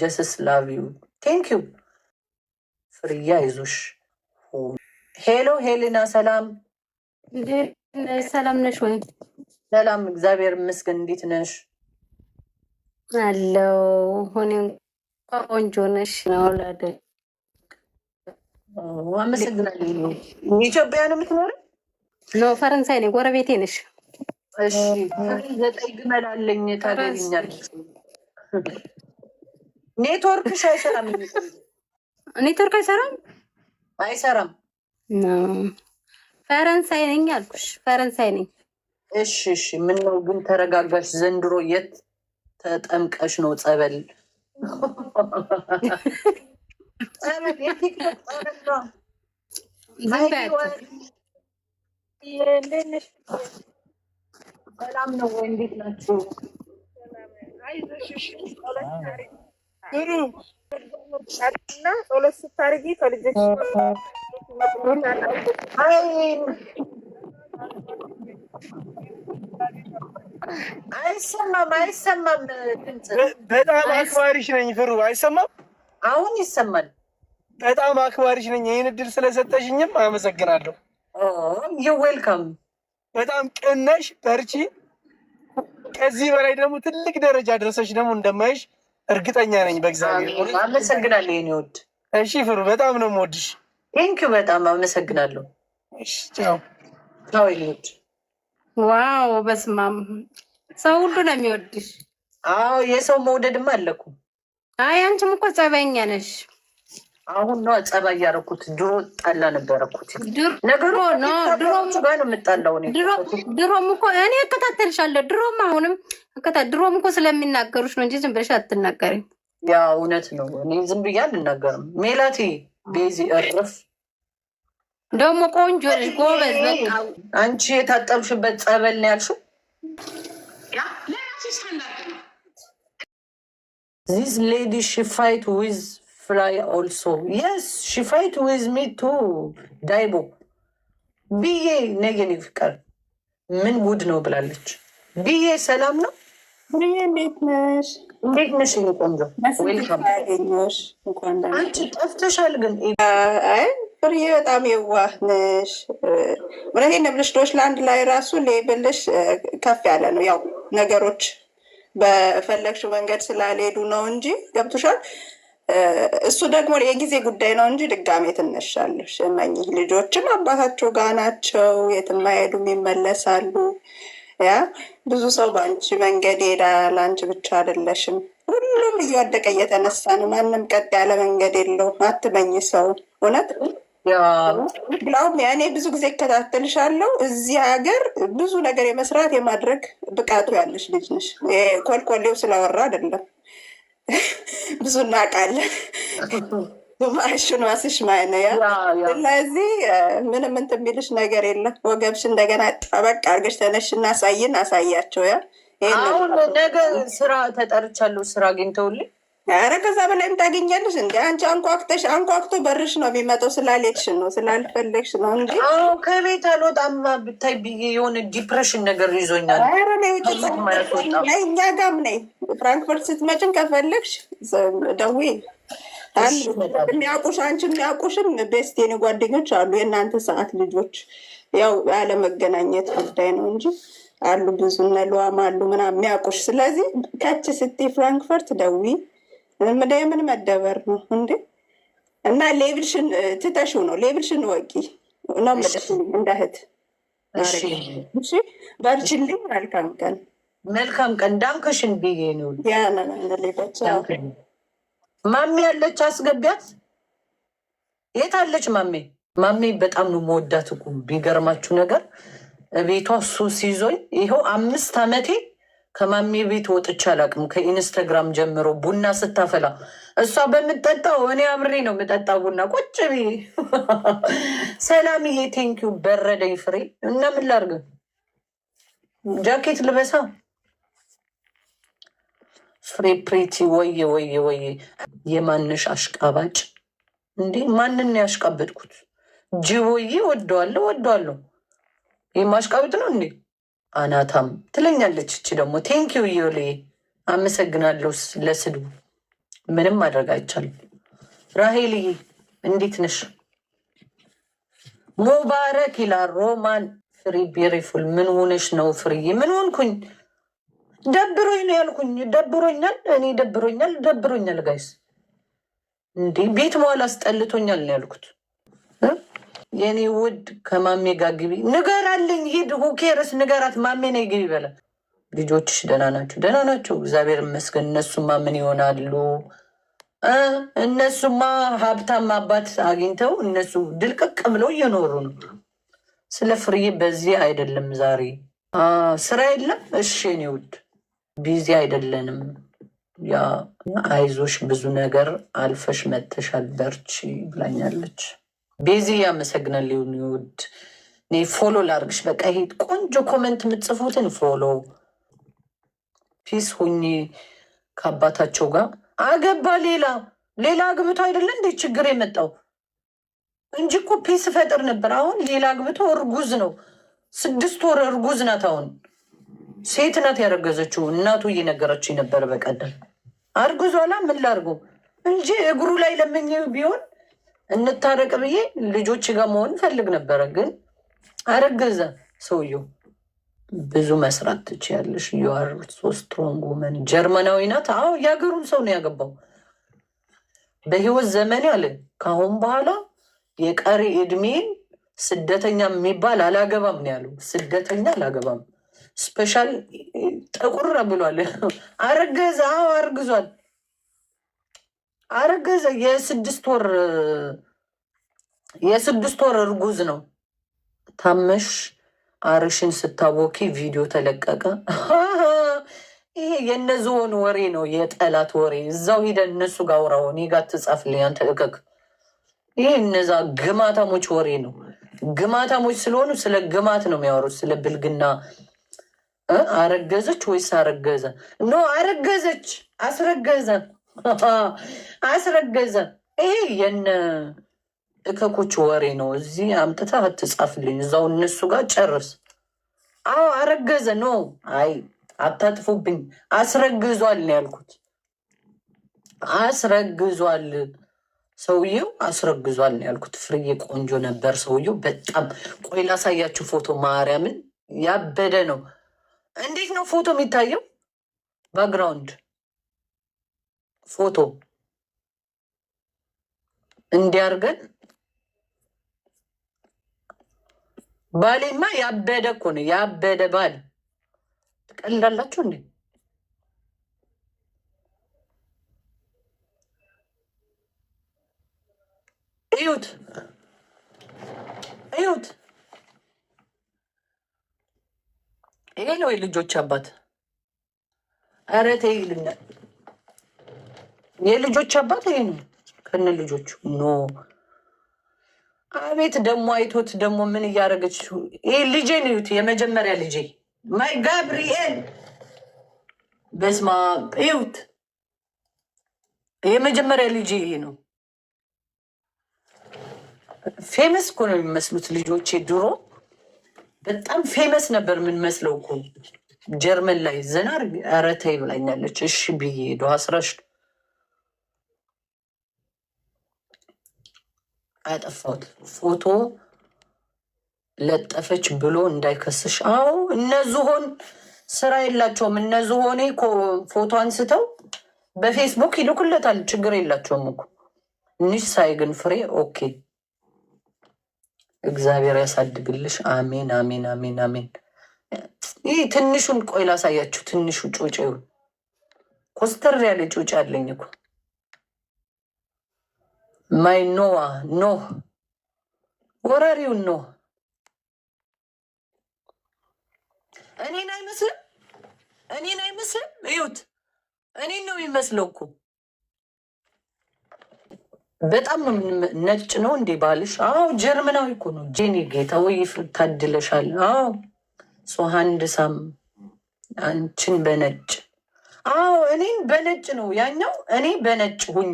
ጀስስ ላቭ ዩ ቴንክ ዩ ፍርያ ይዞሽ ሄሎ ሄሊና ሰላም ሰላም ነሽ ወይ ሰላም እግዚአብሔር ይመስገን እንዴት ነሽ አለው ሆኔ ቆንጆ ነሽ ነው ላደ አመሰግናለሁ ኢትዮጵያ ነው የምትኖሪው ኖ ፈረንሳይ ነኝ ጎረቤቴ ነሽ እሺ ዘጠኝ ግመል አለኝ ታገቢኛለሽ ኔትወርክሽ አይሰራም። ኔትወርክ አይሰራም አይሰራም። ፈረንሳይ ነኝ አልኩሽ፣ ፈረንሳይ ነኝ። እሺ እሺ። ምን ነው ግን ተረጋጋሽ? ዘንድሮ የት ተጠምቀሽ ነው? ጸበል ሰላም ነው ወይ? እንዴት ናችሁ? ጥሩ እና ጸሎት ስታርጊ ከልጆች አይሰማም አይሰማም። በጣም አክባሪሽ ነኝ ፍሩ። አይሰማም አሁን ይሰማል። በጣም አክባሪሽ ነኝ። ይህን እድል ስለሰጠሽኝም አመሰግናለሁ። ዩ ዌልካም። በጣም ቅነሽ፣ በርቺ። ከዚህ በላይ ደግሞ ትልቅ ደረጃ ደርሰሽ ደግሞ እንደማይሽ እርግጠኛ ነኝ በእግዚአብሔር። አመሰግናለሁ የኔ ውድ። እሺ ፍሩ፣ በጣም ነው የምወድሽ። ቴንኪው፣ በጣም አመሰግናለሁ። ቻው የኔ ውድ። ዋው፣ በስመ አብ ሰው ሁሉ ነው የሚወድሽ። አዎ የሰው መውደድማ አለኩ። አይ አንቺም እኮ ጸበኛ ነሽ። አሁን ነው ጸባ እያደረኩት። ድሮ ጠላ ነበረኩት። እኩት ነገሩ ጋር ነው የምጣላው። ድሮም እኮ እኔ እከታተልሻለሁ። ድሮም አሁንም ድሮም እኮ ስለሚናገሩች ነው እንጂ ዝም ብለሽ አትናገሪም። ያ እውነት ነው። እኔ ዝም ብዬ አልናገርም። ሜላቴ ቤዚ እርፍ ደግሞ ቆንጆ ልጅ ጎበዝ። በቃ አንቺ የታጠብሽበት ጸበል ነው ያልሽው ዚስ ሌዲ ሺ ፋይት ዊዝ fly also. Yes, she fight with me too. ዳይቦ ብዬ ነገን ይፍቀር ምን ጉድ ነው ብላለች። ብዬ ሰላም ነው ብዬ እንዴት ነሽ? እንዴት ነሽ? ቆንጆ አንቺ ጠፍተሻል። ግን ፍርዬ በጣም የዋህ ነሽ። እውነቴን ነው የምልሽ። ዶች ላይ ራሱ ሌብልሽ ከፍ ያለ ነው። ያው ነገሮች በፈለግሽው መንገድ ስላልሄዱ ነው እንጂ ገብቶሻል እሱ ደግሞ የጊዜ ጉዳይ ነው እንጂ ድጋሜ ትነሻለሽ። እነኚህ ልጆችም አባታቸው ጋ ናቸው፣ የትም አይሄዱም፣ ይመለሳሉ። ያ ብዙ ሰው በአንቺ መንገድ ይሄዳል። አንቺ ብቻ አይደለሽም። ሁሉም እየወደቀ እየተነሳ ነው። ማንም ቀጥ ያለ መንገድ የለውም። አትመኝ ሰው እውነት ብላውም ያኔ ብዙ ጊዜ እከታተልሻለሁ። እዚህ ሀገር ብዙ ነገር የመስራት የማድረግ ብቃቱ ያለሽ ልጅ ነሽ። ኮልኮሌው ስላወራ አይደለም ብዙ እናውቃለን። ግማሹን ዋስሽ ማለት ስለዚህ ምንም እንትን የሚልሽ ነገር የለም። ወገብሽ እንደገና ጠበቅ አድርገሽ ተነሽና አሳይን አሳያቸው። ያ አሁን ነገ ስራ ተጠርቻለሁ። ስራ አግኝተውልኝ ኧረ ከዛ በላይ ታገኛለሽ እንዲ አንቺ አንኳክተሽ አንኳክቶ በርሽ ነው የሚመጣው። ስላልሄድሽ ነው ስላልፈለግሽ ነው እንዴ? ከቤት አልወጣማ ብታይ ብዬ የሆነ ዲፕሬሽን ነገር ይዞኛል። ኧረ ነይ ውጭ ነይ፣ እኛ ጋም ነይ። ፍራንክፈርት ስትመጭን ከፈለግሽ ደዌ የሚያውቁሽ አንቺ የሚያውቁሽም ቤስት የኔ ጓደኞች አሉ። የእናንተ ሰዓት ልጆች ያው ያለመገናኘት ጉዳይ ነው እንጂ አሉ ብዙ እነ አሉ ምናምን የሚያውቁሽ። ስለዚህ ከች ስትይ ፍራንክፈርት ደውዪ። የምን መደበር ነው እንዴ? እና ሌብልሽን ትተሹ ነው ሌብልሽን ወቂ ነው የምልሽ እንደ እህት በርችልኝ። መልካም ቀን መልካም ቀን። ዳንከሽን ብዬ ነው ማሜ ያለች አስገቢያት። የት አለች ማሜ? ማሜ በጣም ነው መወዳት እኮ ቢገርማችሁ ነገር ቤቷ እሱ ሲዞኝ ይኸው አምስት አመቴ ከማሜ ቤት ወጥቼ አላቅም። ከኢንስታግራም ጀምሮ ቡና ስታፈላ እሷ በምጠጣው እኔ አብሬ ነው የምጠጣ ቡና ቁጭ ብዬ። ሰላም ይሄ ቴንኪው በረደኝ ፍሬ እና ምን ጃኬት ልበሳ ፍሬ ፕሬቲ። ወየ ወየ ወየ! የማንሽ አሽቃባጭ እንዴ! ማንን ያሽቃበጥኩት? ጅቦዬ ወደዋለሁ ወደዋለሁ። የማሽቃበጥ ነው እንዴ? አናታም ትለኛለች። እች ደግሞ ቴንኪዩ ዮሌ አመሰግናለሁ ለስድቡ። ምንም ማድረግ አይቻልም። ራሄል እንዴት ነሽ? ሙባረክ ይላል ሮማን ፍሪ ቤሪፉል። ምን ሆነሽ ነው ፍሪ? ምን ሆንኩኝ? ደብሮኝ ነው ያልኩኝ። ደብሮኛል፣ እኔ ደብሮኛል፣ ደብሮኛል ጋይስ። እንዲህ ቤት መዋል አስጠልቶኛል ነው ያልኩት። የኔ ውድ ከማሜ ጋር ግቢ ንገራልኝ። ሂድ ሁኬርስ ንገራት ማሜ ነ ግቢ በለ። ልጆችሽ ደህና ናቸው? ደህና ናቸው እግዚአብሔር ይመስገን። እነሱማ ምን ይሆናሉ? እነሱማ ሀብታም አባት አግኝተው እነሱ ድልቅቅ ብለው እየኖሩ ነው። ስለ ፍርዬ በዚህ አይደለም። ዛሬ ስራ የለም። እሺ የኔ ውድ ቢዚ አይደለንም። ያ አይዞሽ፣ ብዙ ነገር አልፈሽ መተሻል፣ በርቺ ብላኛለች። ቤዚ ያመሰግናል። ሊሆን ይወድ ፎሎ ላርግሽ። በቃ ይሄ ቆንጆ ኮመንት የምትጽፉትን ፎሎ ፒስ ሁኚ ከአባታቸው ጋር አገባ። ሌላ ሌላ አግብቶ አይደለ እንደ ችግር የመጣው እንጂ እኮ ፒስ ፈጥር ነበር። አሁን ሌላ አግብቶ እርጉዝ ነው። ስድስት ወር እርጉዝ ናት። አሁን ሴት ናት ያረገዘችው። እናቱ እየነገረችው የነበረ በቀደም አርግዟላ። ምን ላርጉ እንጂ እግሩ ላይ ለመኘው ቢሆን እንታረቅ ብዬ ልጆች ጋር መሆን ፈልግ ነበረ፣ ግን አረገዘ ሰውየው። ብዙ መስራት ትችያለሽ። ዩአር ሶ ስትሮንግ ውመን። ጀርመናዊ ናት። አዎ የሀገሩን ሰው ነው ያገባው። በህይወት ዘመን ያለ ከአሁን በኋላ የቀሪ እድሜን ስደተኛ የሚባል አላገባም ነው ያለው። ስደተኛ አላገባም። ስፔሻል ጠቁር ብሏል። አረገዘ። አዎ አርግዟል። አረገዘ። የስድስት ወር የስድስት ወር እርጉዝ ነው። ታመሽ አርሽን ስታቦኪ ቪዲዮ ተለቀቀ። ይሄ የነዝሆን ወሬ ነው፣ የጠላት ወሬ። እዛው ሂደ እነሱ ጋር አውራው፣ እኔ ጋር ትጻፍልኝ አንተ እከክ። ይሄ እነዛ ግማታሞች ወሬ ነው። ግማታሞች ስለሆኑ ስለ ግማት ነው የሚያወሩት፣ ስለ ብልግና። አረገዘች ወይስ አረገዘ? ኖ አረገዘች፣ አስረገዘን አስረገዘ። ይሄ የነ እከኮች ወሬ ነው። እዚህ አምጥተህ አትጻፍልኝ። እዛው እነሱ ጋር ጨርስ። አዎ አረገዘ ኖ አይ አታጥፉብኝ። አስረግዟል ነው ያልኩት። አስረግዟል ሰውየው አስረግዟል ነው ያልኩት። ፍርዬ ቆንጆ ነበር ሰውየው በጣም ቆይ ላሳያችሁ ፎቶ። ማርያምን ያበደ ነው። እንዴት ነው ፎቶ የሚታየው ባክግራውንድ ፎቶ እንዲያርገን ባሌማ ያበደ እኮ ነው። ያበደ ባል ትቀልዳላችሁ እንዴ? እዩት፣ እዩት። ይሄ ነው የልጆች አባት። ኧረ ተይልኛል የልጆች አባት ይሄ ነው ከነ ልጆቹ ኖ አቤት ደግሞ አይቶት ደግሞ ምን እያደረገች ይህ ልጄን እዩት። የመጀመሪያ ልጄ ማይ ጋብሪኤል በስማ እዩት። የመጀመሪያ ልጄ ይሄ ነው። ፌመስ እኮ ነው የሚመስሉት ልጆቼ። ድሮ በጣም ፌመስ ነበር የምንመስለው እኮ ጀርመን ላይ ዘና ኧረ ተይ ብላኛለች። እሺ ብዬ ሄዶ አስራሽ አያጠፋሁት ፎቶ ለጠፈች ብሎ እንዳይከስሽ። አዎ እነ ስራ የላቸውም። እነ ዝሆኔ ፎቶ አንስተው በፌስቡክ ይልኩለታል። ችግር የላቸውም እኮ ንሽ ሳይ ግን ፍሬ ኦኬ። እግዚአብሔር ያሳድግልሽ። አሜን፣ አሜን፣ አሜን፣ አሜን። ይህ ትንሹን ቆይ ላሳያችሁ። ትንሹ ጩጬውን ኮስተር ያለ ጮጪ አለኝ እኮ ማይ ኖዋ ኖህ ወራሪውን ኖህ እኔን አይመስልም፣ እኔን አይመስልም። እዩት፣ እኔን ነው የሚመስለው እኮ በጣም ነው ነጭ ነው እንዴ ባልሽ? አዎ ጀርመናዊ እኮ ነው። ጄኒ ጌታ ወይ ታድለሻል። አዎ ሶ ሀንድ ሳም አንቺን በነጭ አዎ እኔም በነጭ ነው ያኛው። እኔ በነጭ ሁኝ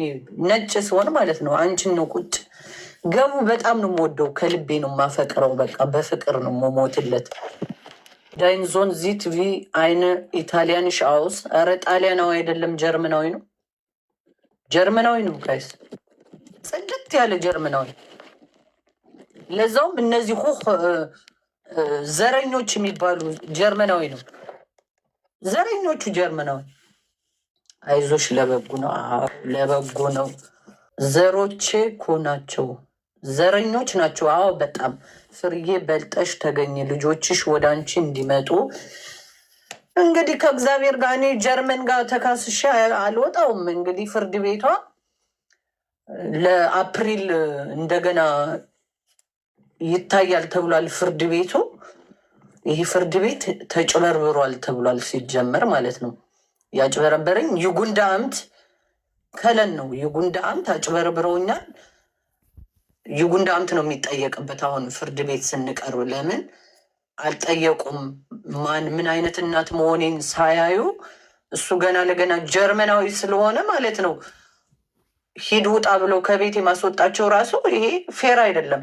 ነጭ ሲሆን ማለት ነው። አንቺን ነው ቁጭ ገቡ። በጣም ነው የምወደው፣ ከልቤ ነው የማፈቅረው። በቃ በፍቅር ነው የምሞትለት። ዳይንዞን ዚት ቪ አይነ ኢታሊያን ሻውስ። ኧረ ጣሊያናዊ አይደለም ጀርመናዊ ነው፣ ጀርመናዊ ነው። ጋይስ ጽድት ያለ ጀርመናዊ፣ ለዛውም እነዚህ ሁህ ዘረኞች የሚባሉ ጀርመናዊ ነው። ዘረኞቹ ጀርመናዊ አይዞሽ ለበጎ ነው። ለበጎ ነው። ዘሮቼ እኮ ናቸው ዘረኞች ናቸው። አዎ በጣም ፍርዬ በልጠሽ ተገኘ። ልጆችሽ ወደ አንቺ እንዲመጡ እንግዲህ ከእግዚአብሔር ጋር እኔ ጀርመን ጋር ተካስሼ አልወጣውም። እንግዲህ ፍርድ ቤቷ ለአፕሪል እንደገና ይታያል ተብሏል። ፍርድ ቤቱ ይህ ፍርድ ቤት ተጭበርብሯል ተብሏል ሲጀመር ማለት ነው። ያጭበረበረኝ የጉንዳ አምት ከለን ነው። የጉንዳ አምት አጭበርብረውኛል። የጉንዳ አምት ነው የሚጠየቅበት አሁን ፍርድ ቤት ስንቀርብ። ለምን አልጠየቁም? ማን ምን አይነት እናት መሆኔን ሳያዩ እሱ ገና ለገና ጀርመናዊ ስለሆነ ማለት ነው ሂድ ውጣ ብለው ከቤት የማስወጣቸው ራሱ ይሄ ፌር አይደለም፣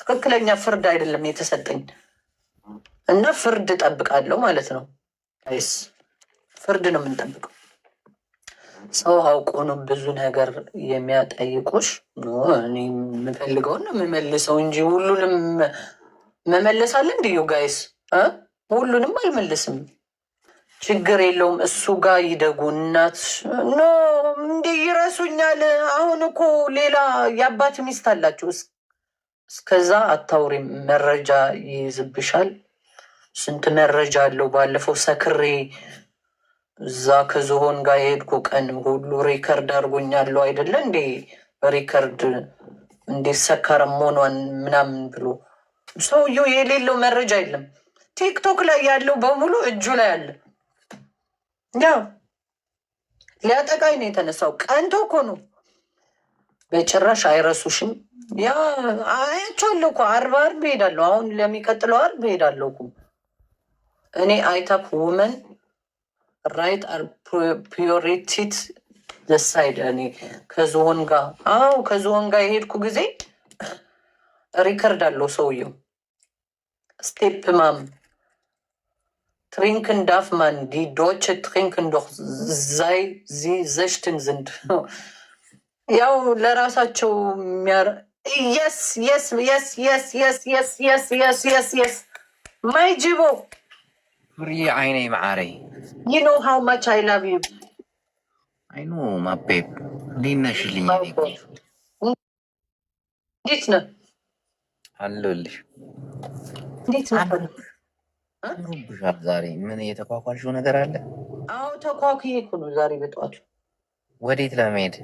ትክክለኛ ፍርድ አይደለም የተሰጠኝ እና ፍርድ እጠብቃለሁ ማለት ነው። ፍርድ ነው የምንጠብቀው። ሰው አውቆ ነው ብዙ ነገር የሚያጠይቁሽ። እኔ የምፈልገውን የምመልሰው እንጂ ሁሉንም መመለሳለ እንዲዩ ጋይስ ሁሉንም አልመልስም። ችግር የለውም። እሱ ጋር ይደጉ። እናት ኖ እንዲ ይረሱኛል። አሁን እኮ ሌላ የአባት ሚስት አላቸው። እስከዛ አታውሪ፣ መረጃ ይይዝብሻል። ስንት መረጃ አለው። ባለፈው ሰክሬ እዛ ከዝሆን ጋር የሄድኩ ቀን ሁሉ ሪከርድ አድርጎኛለሁ አይደለ እንዴ? ሪከርድ እንዴ ሰካራም መሆኗን ምናምን ብሎ ሰውየው የሌለው መረጃ የለም። ቲክቶክ ላይ ያለው በሙሉ እጁ ላይ አለ። ያው ሊያጠቃኝ ነው የተነሳው። ቀንቶ እኮ ነው። በጭራሽ አይረሱሽም። ያ አያቸዋለሁ እኮ አርብ አርብ ሄዳለሁ። አሁን ለሚቀጥለው አርብ ሄዳለሁ እኮ እኔ አይታፕ ውመን ራይት አር ፕሪዮሪቲት ደሳይድ እኔ ከዝሆን ጋር አው ከዝሆን ጋር የሄድኩ ጊዜ ሪከርድ አለው ሰውየው። ስቴፕ ማም ትሪንክ እንዳፍ ማን ዲ ዶች ትሪንክ እንዶ ዛይ ዚ ዘሽትን ዝንድ ያው ለራሳቸው የስ የስ የስ የስ የስ የስ የስ የስ የስ ማይ ጅቦ ፍርዬ አይኔ ማሬ ዩ ኖ ሃው ማች አይ ላቭ ዩ አይኑ ማቤብ እንዴት ነሽልኝ? Oh, እንዴት ነህ? አለሁልሽ። እንዴት ነህ? ዛሬ ምን የተኳኳልሽው ነገር አለ? አዎ ተኳኩዬ እኮ ነው ዛሬ በጠዋቱ። ወዴት ለመሄድ?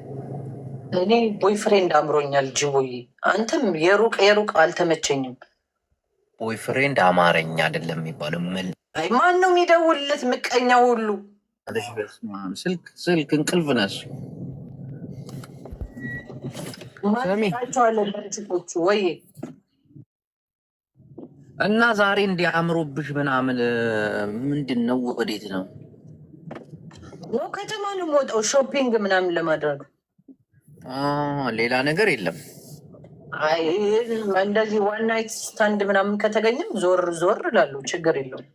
እኔ ቦይፍሬንድ አምሮኛል። ጅቦይ አንተም የሩቅ የሩቅ አልተመቸኝም። ቦይፍሬንድ አማረኛ አይደለም የሚባለው ማን ነው የሚደውልለት? ምቀኛ ሁሉ ስልክ ስልክ እንቅልፍ ነሱ ወይ እና ዛሬ እንዲያምሮብሽ ምናምን ምንድን ነው? ወዴት ነው ነው ከተማ ነው የምወጣው ሾፒንግ ምናምን ለማድረግ ሌላ ነገር የለም። እንደዚህ ዋን ናይት ስታንድ ምናምን ከተገኘም ዞር ዞር እላለሁ፣ ችግር የለውም።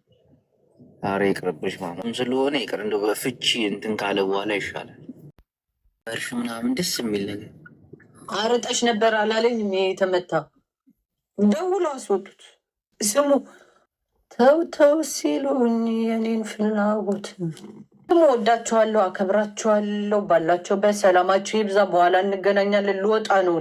ኧረ ይቅርብሽ ማማ ስለሆነ ይቅር እንደው በፍቺ እንትን ካለ በኋላ ይሻላል። በርሽ ምናምን ደስ የሚል ነገር አርጠሽ ነበር አላለኝ። የተመታ ደውሎ አስወጡት። ስሙ ተው ተው ሲሉኝ የኔን ፍላጎት ስሙ። ወዳችኋለሁ፣ አከብራችኋለሁ። ባላቸው በሰላማቸው ይብዛ። በኋላ እንገናኛለን። ልወጣ ነው።